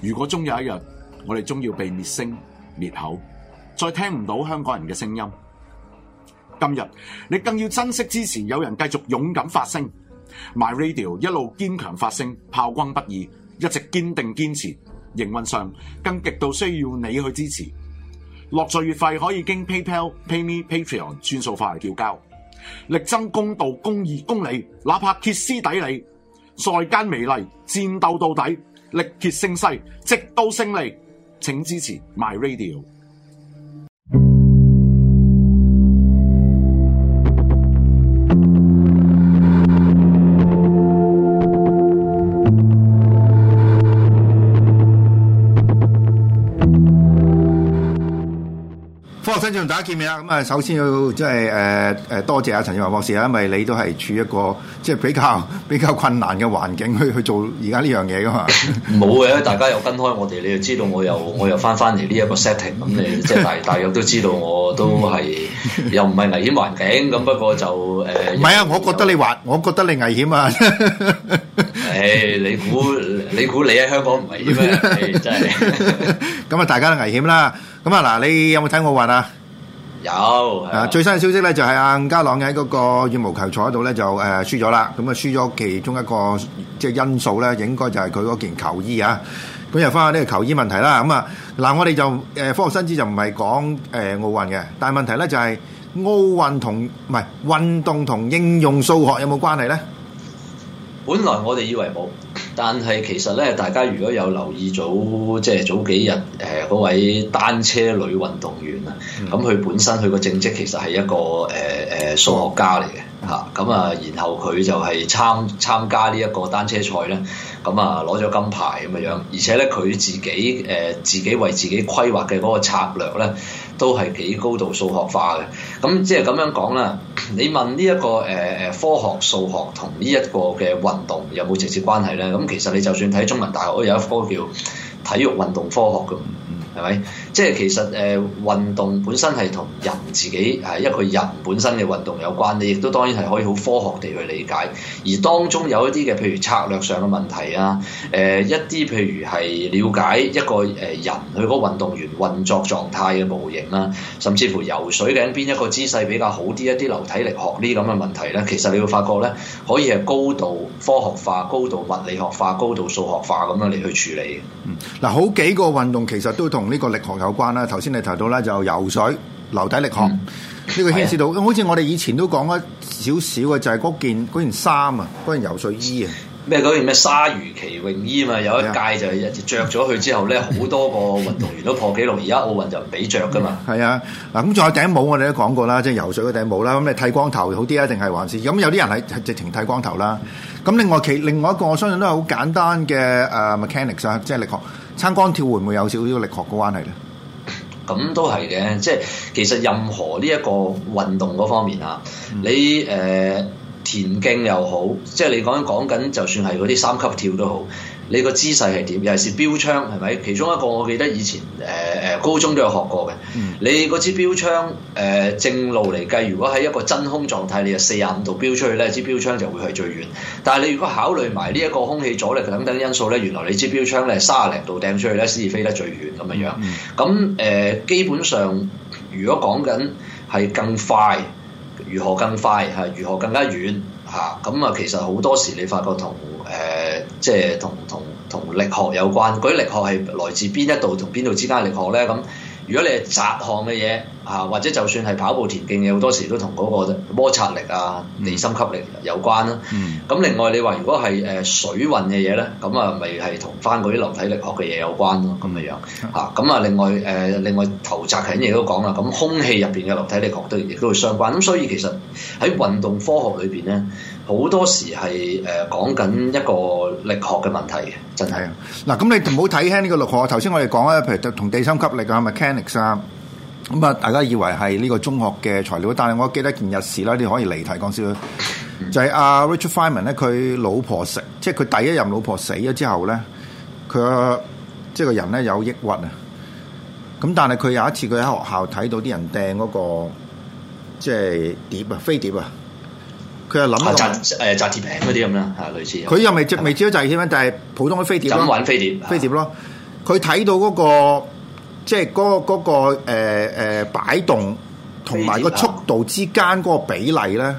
如果終有一日，我哋終要被滅聲滅口，再聽唔到香港人嘅聲音。今日你更要珍惜支持有人繼續勇敢發聲，My Radio 一路堅強發聲，炮轟不已，一直堅定堅持。營運上更極度需要你去支持。落座月費可以經 PayPal、PayMe、Patreon 轉數化嚟繳交，力爭公道、公義、公理，哪怕歇斯底里，再奸微利，戰鬥到底。力竭勝勢，直到勝利。請支持 My Radio。跟住同大家見面啦，咁啊，首先要即係誒誒，多謝阿陳志宏博士啊，因為你都係處一個即係比較比較困難嘅環境去去做而家呢樣嘢噶嘛。冇嘅、 啊，大家又跟開我哋，你又知道我又我又翻翻嚟呢一個 setting，咁你 即係大大約都知道我都係又唔係危險環境，咁 不過就誒，唔係啊，我覺得你話，我覺得你危險啊。誒、 欸，你估你估你喺香港唔危險咩？啊？真係。咁啊，大家都危險啦。咁啊嗱，你有冇睇奧運啊？有啊，最新嘅消息呢就係伍家朗喺嗰個羽毛球賽度呢就呃輸咗啦，咁啊輸咗其中一個即係因素呢應該就係佢嗰件球衣啊，咁又返下呢個球衣問題啦，咁啊，嗱，我哋就科學新知就唔係講奧運嘅，但係問題呢就係奧運同運動同應用數學有冇關係呢？本來我哋以為冇。但係其實咧，大家如果有留意早即係早幾日誒嗰位單車女運動員啊，咁佢本身佢個正職其實係一個誒誒數學家嚟嘅嚇，咁啊，然後佢就係參參加呢一個單車賽咧，咁啊攞咗金牌咁嘅樣，而且咧佢自己誒、呃、自己為自己規劃嘅嗰個策略咧。都係幾高度數學化嘅，咁即係咁樣講啦。你問呢、這、一個誒誒、呃、科學數學同呢一個嘅運動有冇直接關係咧？咁其實你就算睇中文大學，都有一科叫體育運動科學嘅，係咪？即係其實誒、呃、運動本身係同人自己誒一個人本身嘅運動有關，你亦都當然係可以好科學地去理解。而當中有一啲嘅譬如策略上嘅問題啊，誒、呃、一啲譬如係了解一個誒人佢個運動員運作狀態嘅模型啦，甚至乎游水嘅邊一個姿勢比較好啲，一啲流體力學呢啲咁嘅問題咧，其實你會發覺咧，可以係高度科學化、高度物理學化、高度數學化咁樣嚟去處理。嗯，嗱，好幾個運動其實都同呢個力學，有有關啦，頭先你提到啦，就游水、流體力學呢、嗯、個牽涉到，好似是、啊、我哋以前都講一少少嘅，就係、是、嗰件件衫啊，嗰件游水衣啊，咩嗰件咩鯊魚鰭泳衣啊嘛，有一屆就係一著咗去之後咧，好多個運動員都破紀錄，而家奧運就唔俾着噶嘛。係啊，嗱，咁仲有頂帽我，我哋都講過啦，即係游水嗰頂帽啦，咁、嗯、你剃光頭好啲啊，定係還是咁、嗯、有啲人係直情剃光頭啦。咁另外其另外一個我相信都係好簡單嘅誒、uh, mechanics 啊，即係力學，撐竿跳會唔會有少少力學嘅關係咧？咁都係嘅，即係其實任何呢一個運動嗰方面啊，嗯、你誒、呃、田徑又好，即係你講講緊，就算係嗰啲三級跳都好。你個姿勢係點？又係射標槍係咪？其中一個我記得以前誒誒、呃、高中都有學過嘅。你嗰支標槍誒正路嚟計，如果喺一個真空狀態，你就四十五度標出去咧，支標槍就會係最遠。但係你如果考慮埋呢一個空氣阻力等等因素咧，原來你支標槍咧係三十零度掟出去咧先至飛得最遠咁樣樣。咁誒、嗯呃、基本上，如果講緊係更快，如何更快？嚇，如何更加遠？嚇、啊，咁、嗯、啊其實好多時你發覺同誒、呃，即係同同同力學有關。嗰啲力學係來自邊一度同邊度之間嘅力學咧？咁、嗯、如果你係窄項嘅嘢。啊，或者就算係跑步田徑嘅好多時都同嗰個摩擦力啊、地心吸力有關啦、啊。咁、嗯、另外你話如果係誒水運嘅嘢咧，咁啊咪係同翻嗰啲流體力學嘅嘢有關咯、啊。咁嘅、嗯、樣，嚇咁啊另外誒、呃、另外投擲型嘢都講啦，咁空氣入邊嘅流體力學都亦都會相關。咁所以其實喺運動科學裏邊咧，好多時係誒、呃、講緊一個力學嘅問題嘅，真係啊。嗱咁你唔好睇輕呢個力學。頭先我哋講咧，譬如同地心吸力是是啊、mechanics 啊。咁啊！大家以為係呢個中學嘅材料，但係我記得件日事啦，你可以離題講少少。嗯、就係阿、啊、Richard Feynman 咧，佢老婆死，即係佢第一任老婆死咗之後咧，佢即係個人咧有抑鬱啊。咁但係佢有一次佢喺學校睇到啲人掟嗰、嗰個即係碟啊，飛碟啊。佢又諗啊，炸誒炸鐵餅嗰啲咁啦，嚇類似。佢又未接未接到炸鐵餅但係普通嘅飛碟。玩飛碟？飛碟咯，佢睇到嗰即係嗰個嗰個誒誒擺動同埋個速度之間嗰個比例咧，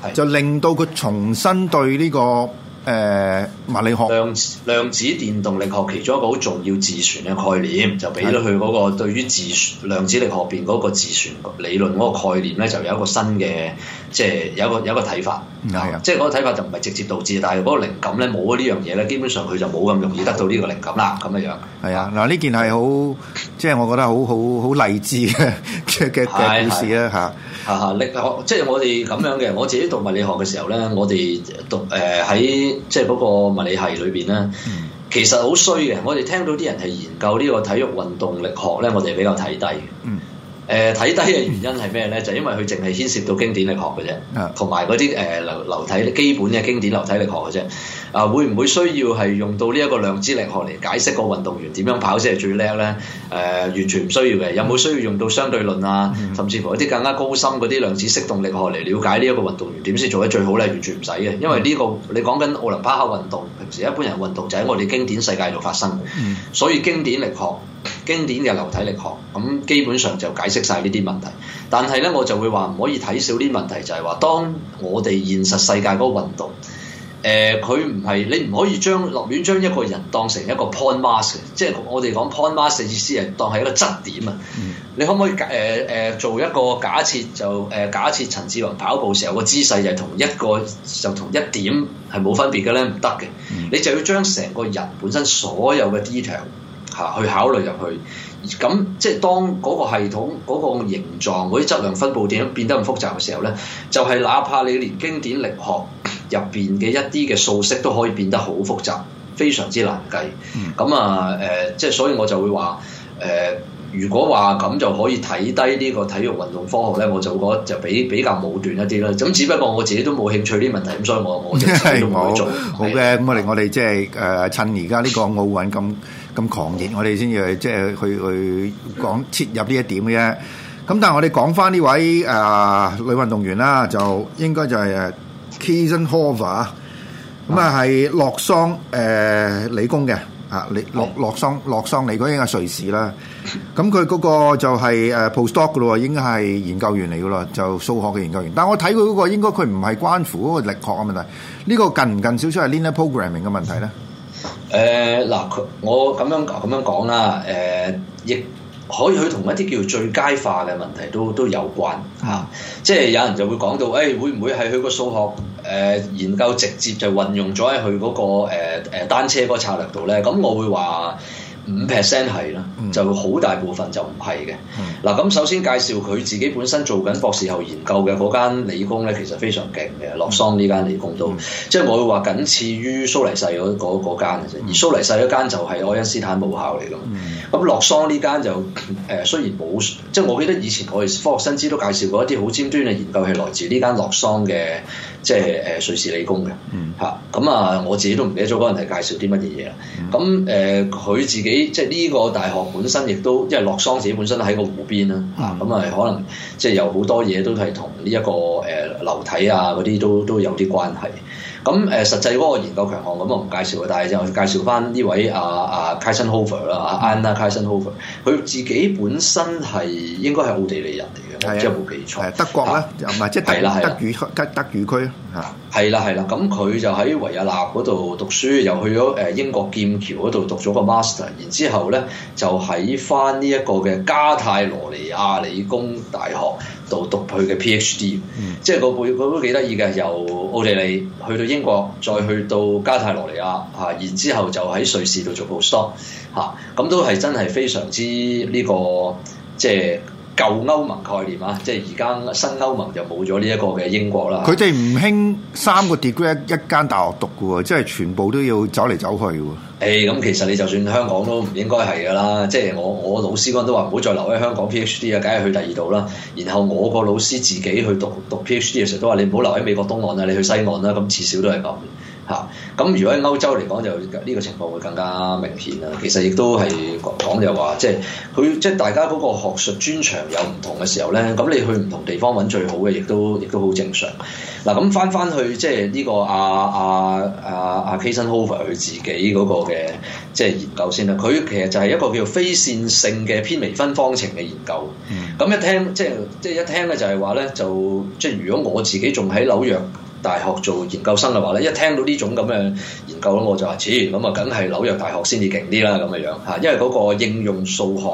的就令到佢重新對呢個。誒，物理、嗯、學量子、量子電動力學其中一個好重要自旋嘅概念，的就俾咗佢嗰個對於自旋量子力學邊嗰個自旋理論嗰個概念咧，就有一個新嘅即係有一個有一個睇法，的啊，即係嗰個睇法就唔係直接導致，但係嗰個靈感咧，冇咗呢樣嘢咧，基本上佢就冇咁容易得到呢個靈感啦，咁樣樣係啊，嗱呢件係好即係我覺得好好好勵志嘅嘅嘅故事啊吓。嚇嚇力學，即係我哋咁樣嘅。我自己讀物理學嘅時候咧，我哋讀誒喺、呃、即係嗰個物理系裏邊咧，其實好衰嘅。我哋聽到啲人係研究呢個體育運動力學咧，我哋比較睇低嘅。誒睇低嘅原因係咩咧？就係、因為佢淨係牽涉到經典力學嘅啫，同埋嗰啲誒流流體基本嘅經典流體力學嘅啫。啊、呃，會唔會需要係用到呢一個量子力學嚟解釋個運動員點樣跑先係最叻咧？誒、呃，完全唔需要嘅。有冇需要用到相對論啊？甚至乎一啲更加高深嗰啲量子色動力學嚟了解呢一個運動員點先做得最好咧？完全唔使嘅，因為呢、呢個你講緊奧林匹克運動，平時一般人運動就喺我哋經典世界度發生，所以經典力學。經典嘅流體力學，咁基本上就解釋晒呢啲問題。但係咧，我就會話唔可以睇少呢啲問題，就係、是、話當我哋現實世界嗰個運動，佢唔係你唔可以將落亂將一個人當成一個 point mass 嘅，即係我哋講 point mass 嘅意思係當係一個質點啊。嗯、你可唔可以誒誒、呃呃、做一個假設就誒、呃、假設陳志宏跑步時候個姿勢就係同一個就同一點係冇分別嘅咧？唔得嘅，嗯、你就要將成個人本身所有嘅 detail。去考慮入去，咁即係當嗰個系統嗰、嗰個形狀嗰啲質量分布點變得咁複雜嘅時候呢，就係、係、哪怕你連經典力學入邊嘅一啲嘅數式都可以變得好複雜，非常之難計。咁、嗯、啊誒，即、呃、係所以我就會話誒。呃如果話咁就可以睇低呢個體育運動科學咧，我就覺得就比比較武斷一啲啦。咁只不過我自己都冇興趣呢啲問題，咁所以我我就唔會做。好嘅，咁我哋我哋即係誒趁而家呢個奧運咁咁狂熱，我哋先至即係去去講切入呢一點嘅啫。咁但係我哋講翻呢位誒女運動員啦，就應該就係誒 Kiesenhofer，咁啊係洛桑誒理工嘅啊，洛洛桑洛桑理工啊，應該瑞士啦。咁佢嗰個就係誒 postdoc 噶咯，應該係研究員嚟噶咯，就數學嘅研究員。但係我睇佢嗰個，應該佢唔係關乎嗰個力學嘅問題。呢個近唔近少少係 linear programming 嘅問題咧？誒、呃，嗱，佢，我咁樣咁樣講啦。誒、呃，亦可以去同一啲叫最佳化嘅問題都有都有關吓。啊嗯、即係有人就會講到，誒、哎，會唔會係佢個數學誒、呃、研究直接就運用咗喺佢嗰個誒誒、呃、單車個策略度咧？咁我會話。五 percent 係啦，就好大部分就唔係嘅。嗱咁首先介紹佢自己本身做緊博士後研究嘅嗰間理工咧，其實非常勁嘅。洛桑呢間理工都 即係我會話僅次於蘇黎世嗰嗰嗰間嘅，而蘇黎世嗰間就係愛因斯坦母校嚟㗎嘛。咁洛桑呢間就誒、嗯、雖然冇，即係我記得以前我哋科學新知都介紹過一啲好尖端嘅研究係來自呢間洛桑嘅，即係誒、呃、瑞士理工嘅嚇。咁 啊，我自己都唔記得咗嗰陣係介紹啲乜嘢嘢啦。咁誒佢自己。即係呢個大學本身亦都，因為洛桑自己本身喺個湖邊啦，吓咁、嗯、啊可能即係有好多嘢都係同呢一個誒樓、呃、體啊嗰啲都都有啲關係。咁誒、呃、實際嗰個研究強項咁我唔介紹啊，但係就介紹翻呢位阿阿、啊啊、Kiesenhofer 啦、啊，Anna Kiesenhofer 佢自己本身係應該係奧地利人嚟嘅。的我知冇記錯。德國咧，唔係、啊、即係德語區，德語區咯，係啦係啦，咁佢就喺維也納嗰度讀書，又去咗誒英國劍橋嗰度讀咗個 master，然之後咧就喺翻呢一個嘅加泰羅尼亞理工大學，讀讀佢嘅 PhD，嗯，即係個背佢都幾得意嘅，由奧地利去到英國，再去到加泰羅尼亞，吓、啊，然之後就喺瑞士度做 post doc 吓，咁、啊、都係真係非常之呢、這個，即係。舊歐盟概念啊，即係而家新歐盟就冇咗呢一個嘅英國啦。佢哋唔興三個 degree 一間大學讀嘅喎，即係全部都要走嚟走去嘅喎。欸、咁、其實你就算香港都唔應該係㗎啦。即係我我老師嗰陣都話唔好再留喺香港 PhD 啊，梗係去第二度啦。然後我個老師自己去讀讀 PhD 嘅時候都話你唔好留喺美國東岸啊，你去西岸啦。咁至少都係咁。嚇！咁、啊、如果喺歐洲嚟講，就呢個情況會更加明顯啦。其實亦都係講就話、是，即係佢即係大家嗰個學術專長有唔同嘅時候咧，咁你去唔同地方揾最好嘅，亦都亦都好正常。嗱、啊，咁返返去即係呢個阿阿阿阿 Kiesenhofer 佢自己嗰個嘅即係研究先啦。佢其實就係一個叫做非線性嘅偏微分方程嘅研究。咁、嗯、一聽即係即係一聽咧，就係話咧，就即、是、係如果我自己仲喺紐約大學做研究生嘅話咧，一聽到呢種咁嘅研究我就話，似咁啊，梗係紐約大學先至勁啲啦，咁嘅樣嚇。因為嗰個應用數學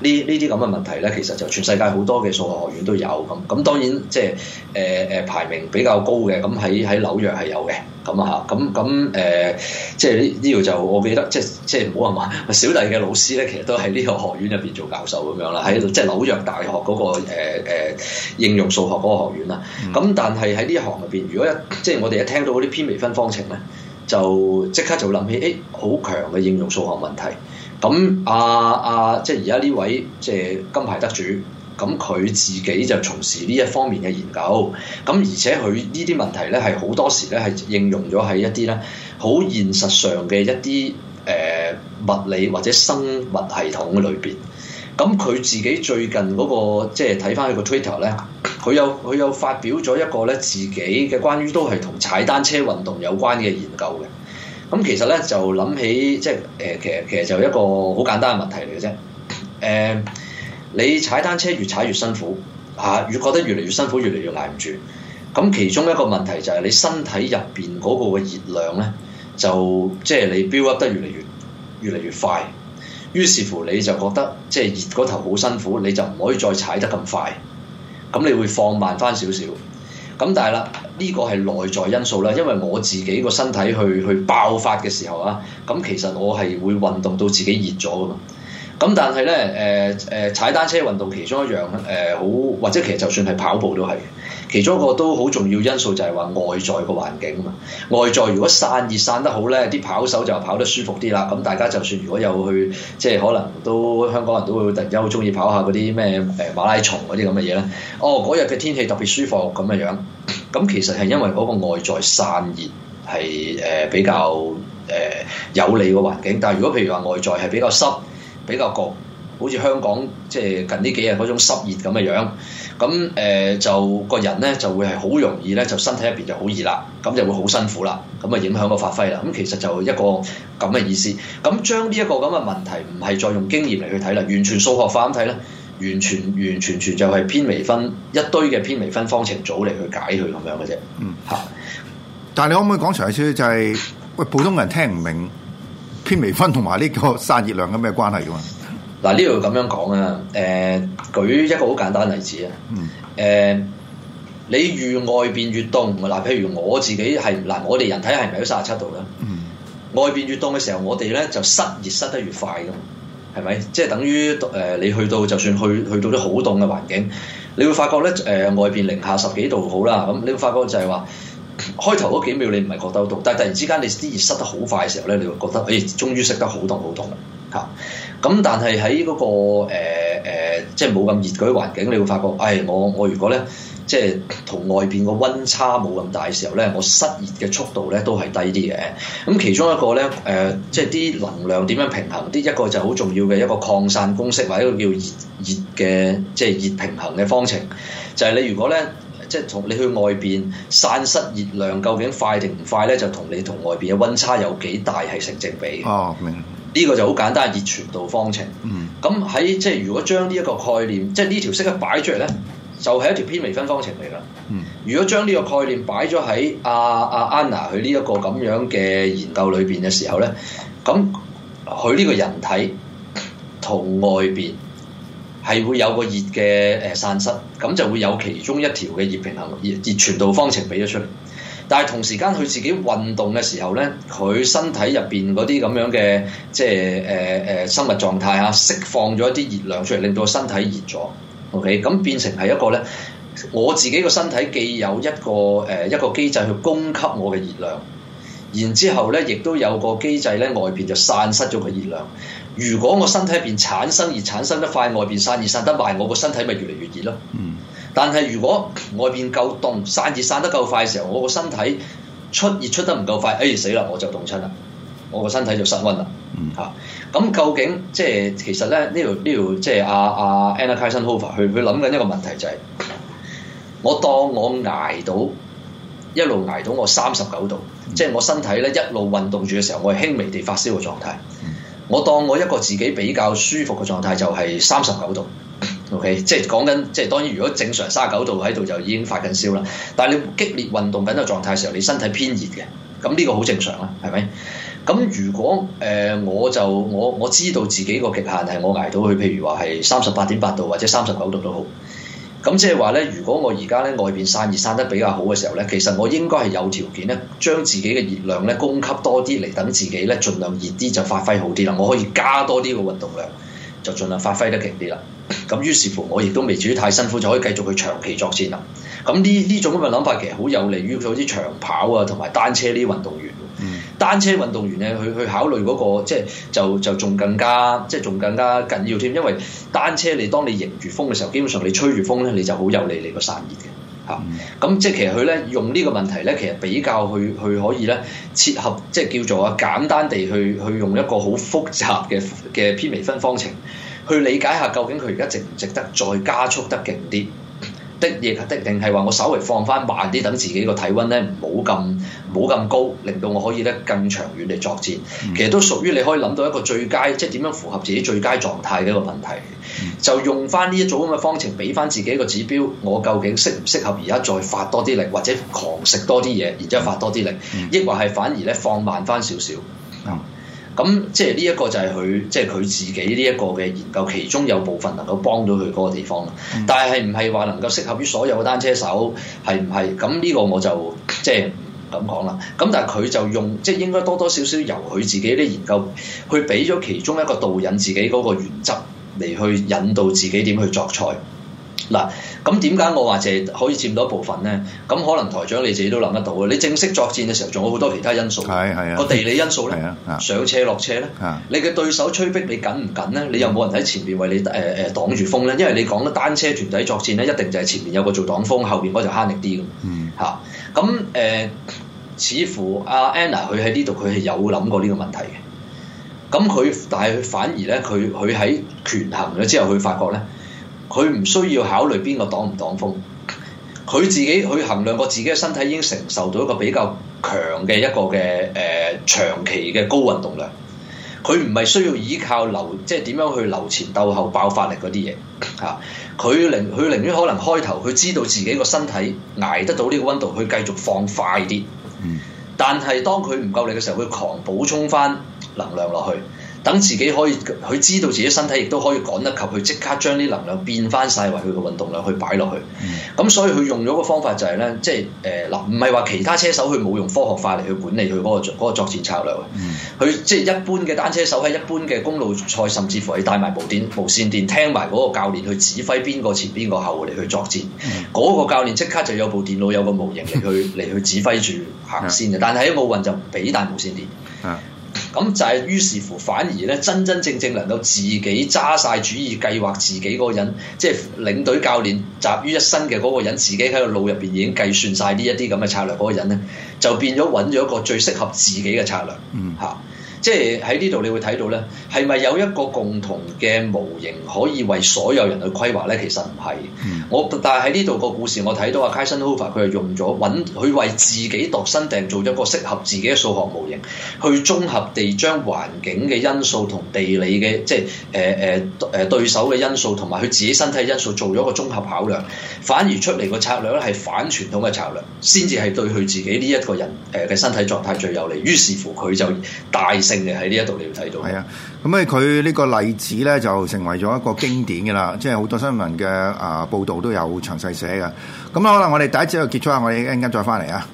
呢呢啲咁嘅問題咧，其實就全世界好多嘅數學學院都有咁。咁當然即係誒誒排名比較高嘅，咁喺喺紐約係有嘅。咁啊嚇，咁咁誒，即係呢呢條就我記得，即係即係唔好話小弟嘅老師咧，其實都喺呢個學院入邊做教授咁樣啦，喺即係紐約大學嗰個誒誒應用數學嗰個學院啦。咁但係喺呢行入邊，如果即係我哋一聽到嗰啲偏微分方程咧，就即刻就諗起，誒、哎、好強嘅應用數學問題。咁阿阿即係而家呢位即係金牌得主，咁佢自己就從事呢一方面嘅研究。咁而且佢呢啲問題咧係好多時咧係應用咗喺一啲咧好現實上嘅一啲誒、呃、物理或者生物系統裏邊。咁佢自己最近嗰、那個即係睇翻佢個 Twitter 咧。佢有佢有發表咗一個咧自己嘅關於都係同踩單車運動有關嘅研究嘅，咁其實咧就諗起即係誒、呃、其實其實就一個好簡單嘅問題嚟嘅啫。誒、呃，你踩單車越踩越辛苦嚇、啊，越覺得越嚟越辛苦，越嚟越捱唔住。咁其中一個問題就係你身體入邊嗰個嘅熱量咧，就即係、就是、你 build up 得越嚟越越嚟越快，於是乎你就覺得即係、就是、熱嗰頭好辛苦，你就唔可以再踩得咁快。咁你會放慢翻少少，咁但係啦，呢個係內在因素啦，因為我自己個身體去去爆發嘅時候啊，咁其實我係會運動到自己熱咗噶嘛。咁但係咧，誒誒踩單車運動其中一樣，誒、呃、好或者其實就算係跑步都係，其中一個都好重要因素就係話外在個環境啊嘛。外在如果散熱散得好咧，啲跑手就跑得舒服啲啦。咁大家就算如果有去，即係可能都香港人都會突然間好中意跑下嗰啲咩誒馬拉松嗰啲咁嘅嘢咧。哦，嗰日嘅天氣特別舒服咁嘅樣，咁其實係因為嗰個外在散熱係誒比較誒、呃呃、有利個環境。但係如果譬如話外在係比較濕。比較焗，好似香港即係近呢幾日嗰種濕熱咁嘅樣，咁誒、呃、就個人咧就會係好容易咧就身體入邊就好熱啦，咁就會好辛苦啦，咁啊影響個發揮啦。咁其實就一個咁嘅意思。咁將呢一個咁嘅問題唔係再用經驗嚟去睇啦，完全數學化咁睇咧，完全完全全就係偏微分一堆嘅偏微分方程組嚟去解佢咁樣嘅啫。嗯，嚇、啊。但係你可唔可以講長少就係、是、喂普通人聽唔明？偏微分同埋呢個散熱量有咩關係嘅嘛？嗱，呢度咁樣講啊，誒、呃，舉一個好簡單例子啊，誒、嗯呃，你越外邊越凍，嗱，譬如我自己係嗱，我哋人體係咪喺都三十七度咧？嗯、外邊越凍嘅時候，我哋咧就失熱失得越快嘅嘛，係咪？即係等於誒、呃，你去到就算去去到啲好凍嘅環境，你會發覺咧誒、呃，外邊零下十幾度好啦，咁你會發覺就係話。開頭嗰幾秒你唔係覺得好凍，但係突然之間你啲熱塞得好快嘅時候咧，你會覺得，哎，終於失得好凍好凍啦嚇！咁但係喺嗰個誒即係冇咁熱嗰啲環境，你會發覺，哎，我我如果咧，即係同外邊個溫差冇咁大嘅時候咧，我失熱嘅速度咧都係低啲嘅。咁、嗯、其中一個咧，誒、呃，即係啲能量點樣平衡？啲一個就好重要嘅一個擴散公式，或者一個叫熱熱嘅即係熱平衡嘅方程，就係、是、你如果咧。即係同你去外邊散失熱量究竟快定唔快咧，就同你同外邊嘅溫差有幾大係成正比。哦，明。呢個就好簡單，熱傳導方程。嗯、mm。咁、hmm. 喺即係如果將呢一個概念，即係呢條式一擺出嚟咧，就係、是、一條偏微分方程嚟噶。嗯、mm。Hmm. 如果將呢個概念擺咗喺阿阿 Anna 佢呢一個咁樣嘅研究裏邊嘅時候咧，咁佢呢個人體同外邊，係會有個熱嘅誒散失，咁就會有其中一條嘅熱平衡熱熱傳導方程俾咗出嚟。但係同時間佢自己運動嘅時候呢，佢身體入邊嗰啲咁樣嘅即係誒誒生物狀態啊，釋放咗一啲熱量出嚟，令到身體熱咗。OK，咁變成係一個呢，我自己個身體既有一個誒、呃、一個機制去供給我嘅熱量。然之後咧，亦都有個機制咧，外邊就散失咗個熱量。如果我身體入邊產生熱，產生得快，外邊散熱散得慢，我個身體咪越嚟越熱咯。嗯。但係如果外邊夠凍，散熱散得夠快嘅時候，我個身體出熱出得唔夠快，哎死啦！我就凍親啦，我個身體就失溫啦。嗯。咁、啊、究竟即係其實咧呢度呢度即係阿阿 Anna Kiesenhofer 佢佢諗緊呢個問題就係、是，我當我捱到一路捱到我三十九度。即係我身體咧一路運動住嘅時候，我係輕微地發燒嘅狀態。 我當我一個自己比較舒服嘅狀態就係三十九度。OK，即係講緊即係當然，如果正常三十九度喺度就已經發緊燒啦。但係你激烈運動緊嘅狀態嘅時候，你身體偏熱嘅，咁呢個好正常啊，係咪？咁如果誒、呃、我就我我知道自己個極限係我捱到去，譬如話係三十八點八度或者三十九度都好。咁即係話呢，如果我而家咧外邊散熱散得比較好嘅時候呢，其實我應該係有條件咧，將自己嘅熱量呢供給多啲嚟，等自己呢盡量熱啲就發揮好啲啦。我可以加多啲個運動量，就盡量發揮得勁啲啦。咁於是乎我亦都未至於太辛苦，就可以繼續去長期作戰啦。咁呢呢種咁嘅諗法其實好有利於佢啲長跑啊同埋單車呢啲運動員。單車運動員咧，去去考慮嗰、那個即係就就仲更加即係仲更加緊要添，因為單車你當你迎住風嘅時候，基本上你吹住風咧，你就好有利你個散熱嘅嚇。咁、嗯啊、即係其實佢咧用呢個問題咧，其實比較去去可以咧切合即係叫做啊簡單地去去用一個好複雜嘅嘅偏微分方程去理解下究竟佢而家值唔值得再加速得勁啲，的亦的，定係話我稍微放翻慢啲，等自己個體温咧唔好咁唔好咁高，令到我可以咧更長遠嚟作戰。嗯、其實都屬於你可以諗到一個最佳，即係點樣符合自己最佳狀態嘅一個問題。嗯、就用翻呢一種咁嘅方程，俾翻自己一個指標，我究竟適唔適合而家再發多啲力，或者狂食多啲嘢，然之後發多啲力，抑或係反而咧放慢翻少少？咁即係呢一個就係佢即係佢自己呢一個嘅研究，其中有部分能夠幫到佢嗰個地方啦。但係唔係話能夠適合於所有嘅單車手係唔係？咁呢個我就即係唔敢講啦。咁但係佢就用即係應該多多少少由佢自己啲研究，去俾咗其中一個導引自己嗰個原則嚟去引導自己點去作賽。嗱，咁點解我話淨係可以佔到一部分咧？咁可能台長你自己都諗得到嘅。你正式作戰嘅時候，仲有好多其他因素。係係啊個地理因素咧，上車落車咧，你嘅對手吹逼你緊唔緊咧？你有冇人喺前面為你誒誒、呃、擋住風咧？因為你講得單車團體作戰咧，一定就係前面有個做擋風，後邊嗰就慳力啲嘅、嗯啊。嗯，咁、呃、誒，似乎阿 Anna 佢喺呢度佢係有諗過呢個問題嘅。咁佢但係反而咧，佢佢喺權衡咗之後，佢發覺咧。佢唔需要考慮邊個擋唔擋風，佢自己去衡量過自己嘅身體已經承受到一個比較強嘅一個嘅誒、呃、長期嘅高運動量。佢唔係需要依靠流，即係點樣去流前鬥後爆發力嗰啲嘢嚇。佢寧佢寧願可能開頭佢知道自己個身體捱得到呢個溫度，去繼續放快啲。但係當佢唔夠力嘅時候，佢狂補充翻能量落去。等自己可以佢知道自己身體，亦都可以趕得及佢即刻將啲能量變翻晒，為佢嘅運動量去擺落去。咁、嗯、所以佢用咗個方法就係、是、呢，即係誒嗱，唔係話其他車手佢冇用科學化嚟去管理佢嗰、嗰個嗰個作戰策略。佢即係一般嘅單車手喺一般嘅公路賽，甚至乎係帶埋部電無線電聽埋嗰個教練去指揮邊個前邊個後嚟去作戰。嗰、嗯、個教練即刻就有部電腦，有個模型嚟去嚟去指揮住行先嘅。嗯嗯、但係喺奧運就唔俾帶無線電。嗯嗯嗯咁就係於是乎，反而咧真真正正能夠自己揸晒主意、計劃自己嗰個人，即係領隊教練集於一身嘅嗰個人，自己喺個腦入邊已經計算晒呢一啲咁嘅策略，嗰個人咧就變咗揾咗一個最適合自己嘅策略，嚇、嗯。即係喺呢度，你會睇到咧，係咪有一個共同嘅模型可以為所有人去規劃咧？其實唔係，我但係喺呢度個故事我，我睇到阿 Kiesenhofer 佢係用咗揾佢為自己度身訂做一個適合自己嘅數學模型，去綜合地將環境嘅因素同地理嘅即係誒誒誒對手嘅因素同埋佢自己身體因素做咗個綜合考量，反而出嚟個策略咧係反傳統嘅策略，先至係對佢自己呢一個人誒嘅身體狀態最有利。於是乎佢就大。正嘅喺呢一度你要睇到，係啊，咁啊佢呢個例子咧就成為咗一個經典嘅啦，即係好多新聞嘅啊、呃、報導都有詳細寫嘅。咁、嗯、啦，好啦，我哋第一節就結束啦，我哋一陣間再翻嚟啊。